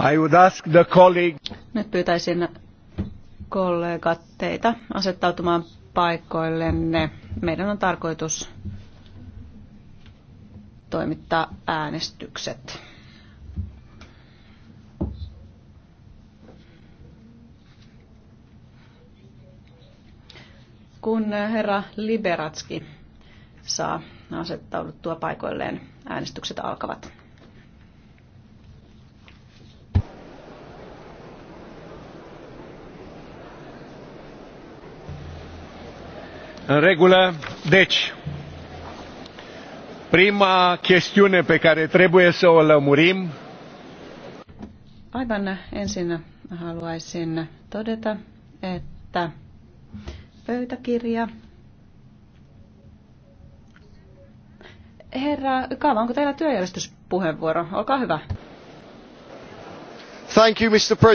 I would ask the colleague... Nyt pyytäisin kollegat teitä asettautumaan paikoillenne. Meidän on tarkoitus toimittaa äänestykset. Kun herra Liberatski saa asettauduttua paikoilleen, äänestykset alkavat. În regulă. Deci, prima chestiune pe care trebuie să o lămurim. Aivan ensin haluaisin todeta, että pöytäkirja. Herra Kaava, onko teillä työjärjestyspuheenvuoro? Olkaa hyvä. Thank you, Mr. President.